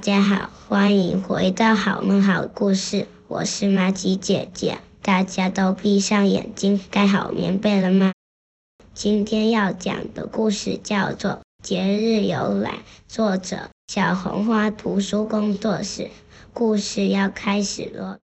大家好，歡迎回到《好夢好故事》，我是瑪吉姐姐。大家都閉上眼睛，蓋好棉被了嗎？今天要講的故事叫做《節日由來》，作者小紅花圖書工作室。故事要開始了。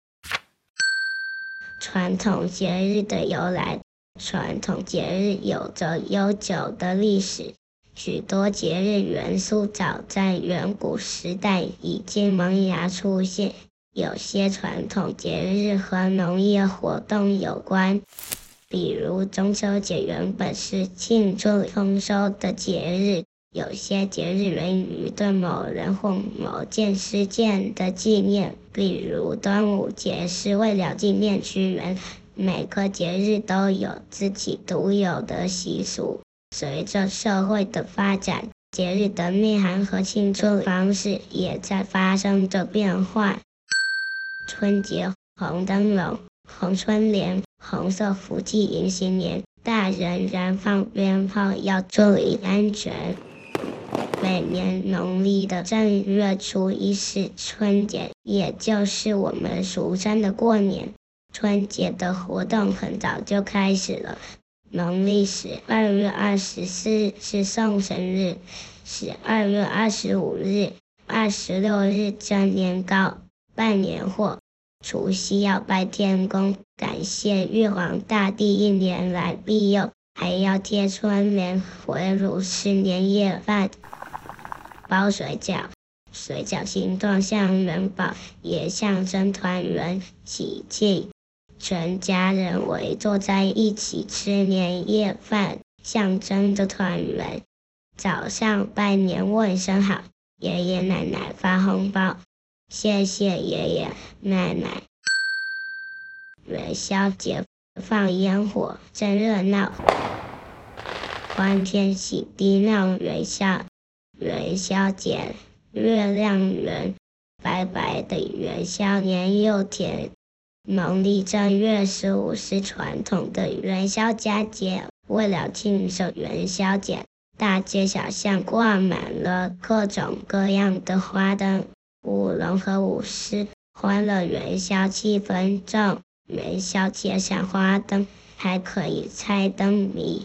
傳統節日的由來，傳統節日有着悠久的歷史。許多節日元素早在遠古時代已經萌芽出現。有些傳統節日和農業活動有關，比如中秋節原本是慶祝豐收的節日。有些節日源於對某人或某件事件的紀念，比如端午節是為了紀念屈原。每個節日都有自己獨有的習俗。隨着社會的發展，節日的內涵和慶祝方式也在發生着變化。春節，紅燈籠、紅春聯、紅色福氣迎新年，大人燃放鞭炮要注意安全。每年農曆的正月初一是春節，也就是我們俗稱的過年。春節的活動很早就開始了。農曆十二月二十四是送神日，十二月二十五日、二十六日蒸年糕，辦年貨。除夕要拜天公，感謝玉皇大帝一年來庇佑，還要貼春聯、圍爐吃年夜飯、包水餃。水餃形狀像元寶，也象徵團圓喜慶。全家人圍坐在一起吃年夜飯，象徵着團圓。早上拜年問聲好，爺爺奶奶發紅包，謝謝爺爺奶奶。元宵節放煙火，真熱鬧，歡天喜地鬧元宵。元宵節，月亮圓，白白的元宵，甜又甜。農曆正月十五是傳統的元宵佳節。為了慶祝元宵節，大街小巷掛滿了各種各樣的花燈、舞龍和舞獅，歡樂元宵氣氛正，元宵節賞花燈，還可以猜燈謎。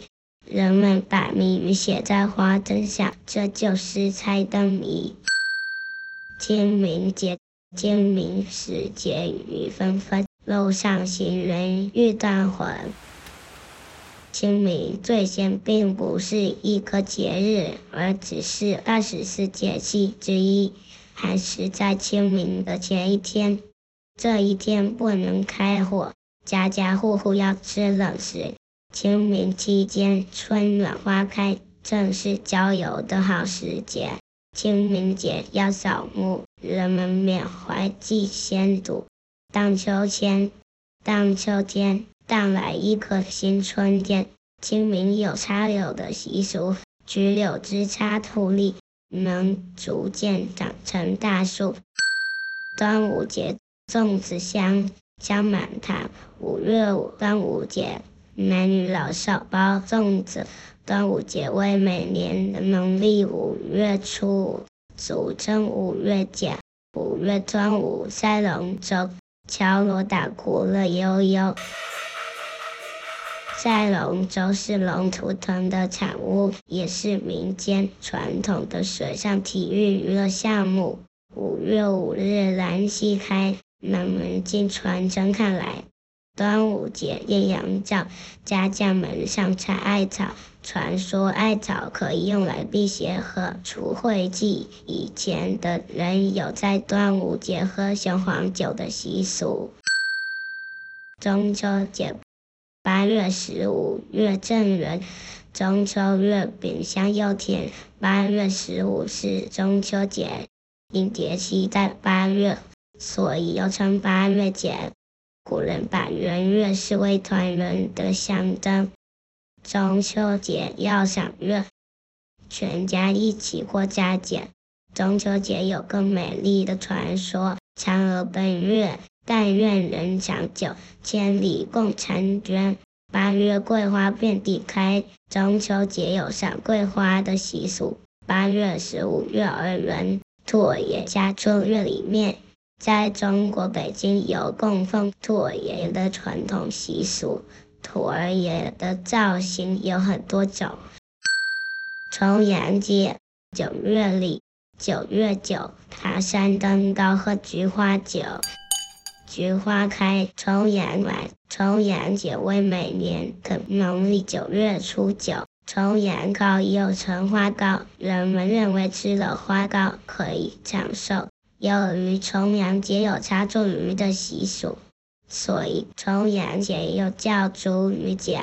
人們把謎語寫在花燈上，這就是猜燈謎。清明節，清明時節雨紛紛。路上行人欲斷魂。清明最先並不是一個節日，而只是二十四節氣之一。還是在清明的前一天，這一天不能開火，家家戶戶要吃冷食。清明期間，春暖花開，正是郊遊的好時節。清明節要掃墓，人們緬懷祭先祖。盪秋千，盪秋千，盪來一顆新春天。清明有插柳的習俗，取柳枝插土裡，能逐漸長成大樹。端午節，粽子香香滿堂。五月五，端午節，男女老少包粽子。端午節為每年的農曆五月初五，俗稱五月節。五，五月端午賽龍舟。敲鑼打鼓樂悠悠，賽龍舟是龍圖騰的產物，也是民間傳統的水上體育娛樂項目。五月五日蘭溪開，南門進船撐看來。端午節，豔陽照，家家門上插艾草。傳說艾草可以用來辟邪和除晦氣。以前的人有在端午節喝雄黃酒的習俗。中秋節，八月十五月正圓，中秋月餅香又甜。八月十五是中秋節，因節期在八月，所以又稱八月節。古人把圓月視為團圓的象徵，中秋節要賞月，全家一起過佳節。中秋節有個美麗的傳說：嫦娥奔月。但願人長久，千里共嬋娟。八月桂花遍地開，中秋節有賞桂花的習俗。八月十五月兒圓，兔兒爺家出月裡面。在中國北京有供奉兔兒爺的傳統習俗，兔兒爺的造型有很多種。重陽節，九月裡，九月九，爬山登高喝菊花酒，菊花開，重陽來。重陽節為每年的農曆九月初九。重陽糕又稱花糕，人們認為吃了花糕可以長壽。由於重陽節有插茱萸的習俗，所以重陽節又叫茱萸節。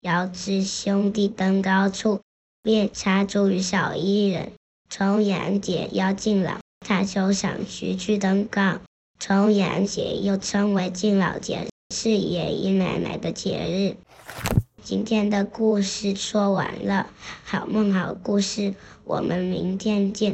遙知兄弟登高處，遍插茱萸少一人。重陽節要敬老、踏秋、賞菊、去登高。重陽節又稱為敬老節，是爺爺奶奶的節日。今天的故事說完了，好夢好故事，我們明天見。